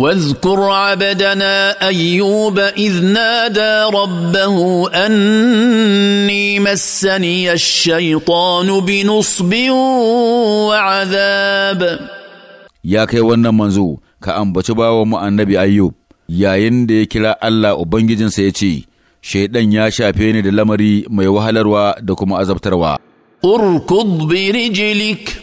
واذكر عبدنا ايوب اذ نادى ربه اني مسني الشيطان بنصب وعذاب يا kai wannan manzo ka ambaci bawan mu annabi ayyub yayin da ya kira Allah ubangijinsa ya ce shaidan ya shafe ni da lamari mai wahalarwa da kuma azabtarwa urkud bi